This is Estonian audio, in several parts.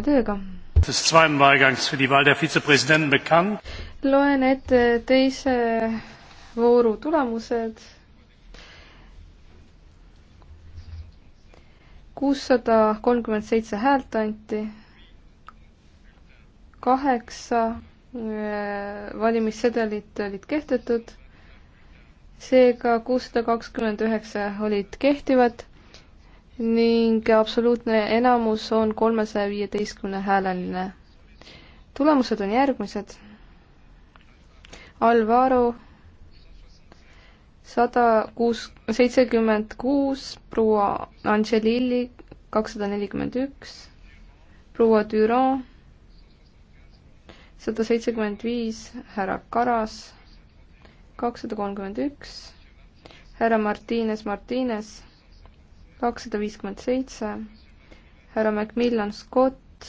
jätkame tööga. loen ette teise vooru tulemused. kuussada kolmkümmend seitse häält anti, kaheksa äh, valimissedelit olid kehtetud seega kuussada kakskümmend üheksa olid kehtivad ning absoluutne enamus on kolmesaja viieteistkümne hääleline. tulemused on järgmised. Alvaro sada kuus, seitsekümmend kuus, proua Angelilli kakssada nelikümmend üks, proua Düron sada seitsekümmend viis, härra Karas kakssada kolmkümmend üks, härra Martines Martines kakssada viiskümmend seitse, härra Macmillan Scott,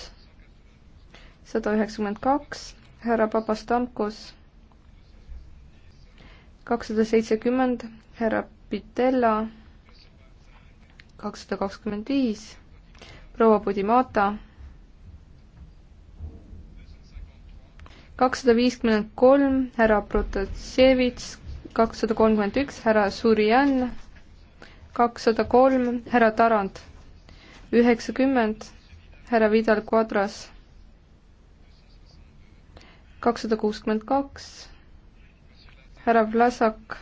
sada üheksakümmend kaks, härra Papastamkos, kakssada seitsekümmend, härra Pitella, kakssada kakskümmend viis, proua Pudimata, kakssada viiskümmend kolm, härra Protasevitš, kakssada kolmkümmend üks, härra Surjan, kakssada kolm, härra Tarand. üheksakümmend, härra Vidal Quadras. kakssada kuuskümmend kaks, härra Vlasak.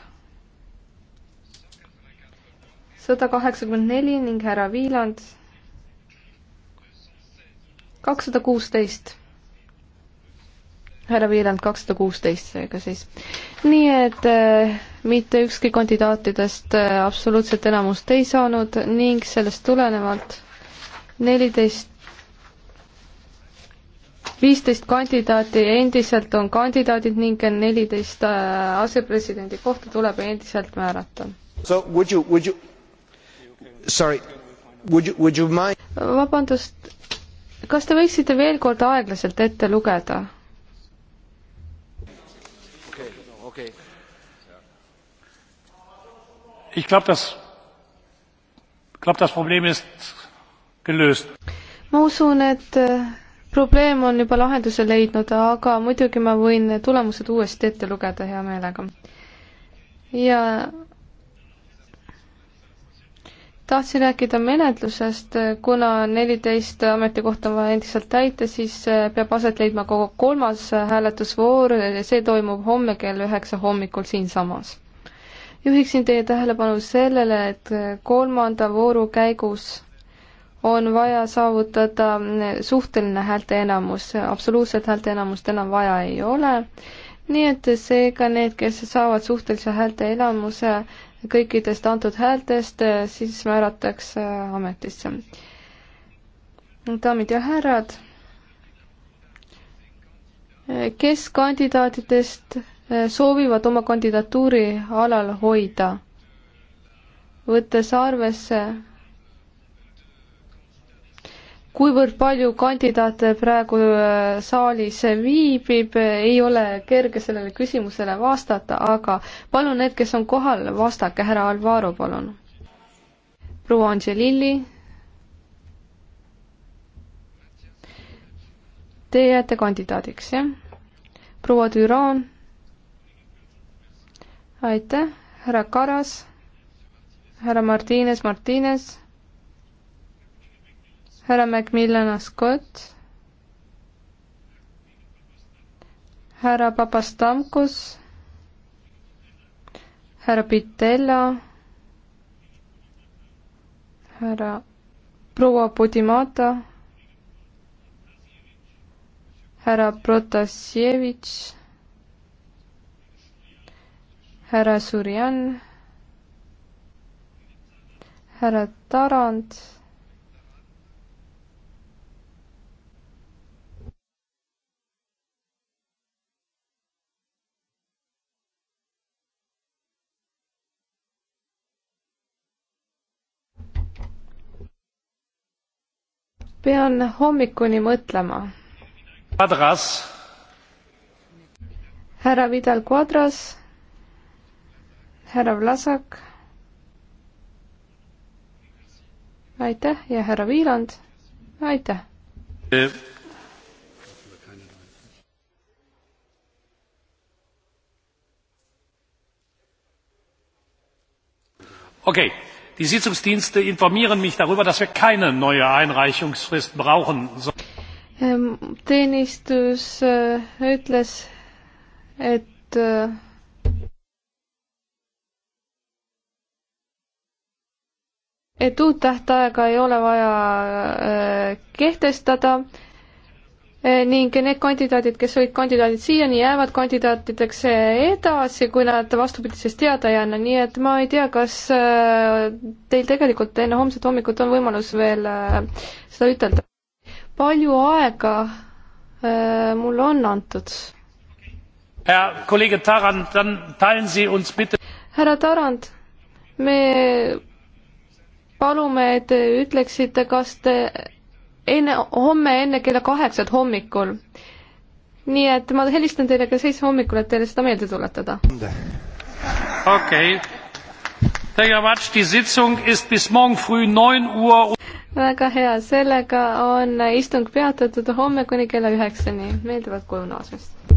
sada kaheksakümmend neli ning härra Viiland. kakssada kuusteist härra Viiland kakssada kuusteist seega siis. nii et äh, mitte ükski kandidaatidest äh, absoluutset enamust ei saanud ning sellest tulenevalt neliteist, viisteist kandidaati endiselt on kandidaadid ning neliteist äh, asepresidendi kohta tuleb endiselt määrata. So would you, would you, sorry, would you, would you mind? vabandust, kas te võiksite veel kord aeglaselt ette lugeda? Okay. Ich glaube, das, glaub, das Problem ist gelöst. ma usun, et äh, probleem on juba lahenduse leidnud, aga muidugi ma võin tulemused uuesti ette lugeda hea meelega. ja tahtsin rääkida menetlusest, kuna neliteist ametikohta on vaja endiselt täita, siis eh, peab aset leidma kogu kolmas hääletusvoor, see toimub homme kell üheksa hommikul siinsamas. juhiksin teie tähelepanu sellele, et eh, kolmanda vooru käigus on vaja saavutada eh, suhteline häälteenamus, absoluutset häälteenamust enam vaja ei ole, nii et seega need, kes saavad suhtelise häälteenamuse, kõikidest antud häältest, eh, siis määratakse ametisse. daamid ja härrad, eh, kes kandidaatidest eh, soovivad oma kandidatuuri alal hoida, võttes arvesse kuivõrd palju kandidaate praegu äh, saalis viibib, ei ole kerge sellele küsimusele vastata, aga palun need, kes on kohal, vastake, härra Alvaro, palun. proua Angelilli. Te jääte kandidaadiks, jah? proua Düran. aitäh, härra Karas, härra Martines, Martines härra Macmillan Scott, härra Papastamkos, härra Pitella, härra proua Podimata, härra Protasevitš, härra Surjan, härra Tarand pean hommikuni mõtlema. Kadras. härra Vidal Quadras, härra Vlasak. aitäh ja härra Viiland, aitäh e. okei okay die sitzungsdienste informieren mich darüber dass wir keine neue einreichungsfrist brauchen. Ähm, teenistus äh, ütles et äh, et uut tähtaega ei ole vaja äh, kehtestada Eh, ning need kandidaadid, kes olid kandidaadid siiani, jäävad kandidaatideks eh, edasi, kui nad vastupidisest teada ei anna, nii et ma ei tea, kas eh, teil tegelikult enne homset hommikut on võimalus veel seda ütelda. palju aega mulle on antud? härra Tarand, me palume, et te ütleksite, kas te enne, homme enne kella kaheksat hommikul. nii et ma helistan teile kell seitse hommikul, et teile seda meelde tuletada. okei okay.. väga hea, sellega on istung peatatud homme kuni kella üheksani. meeldivat koju naasmist!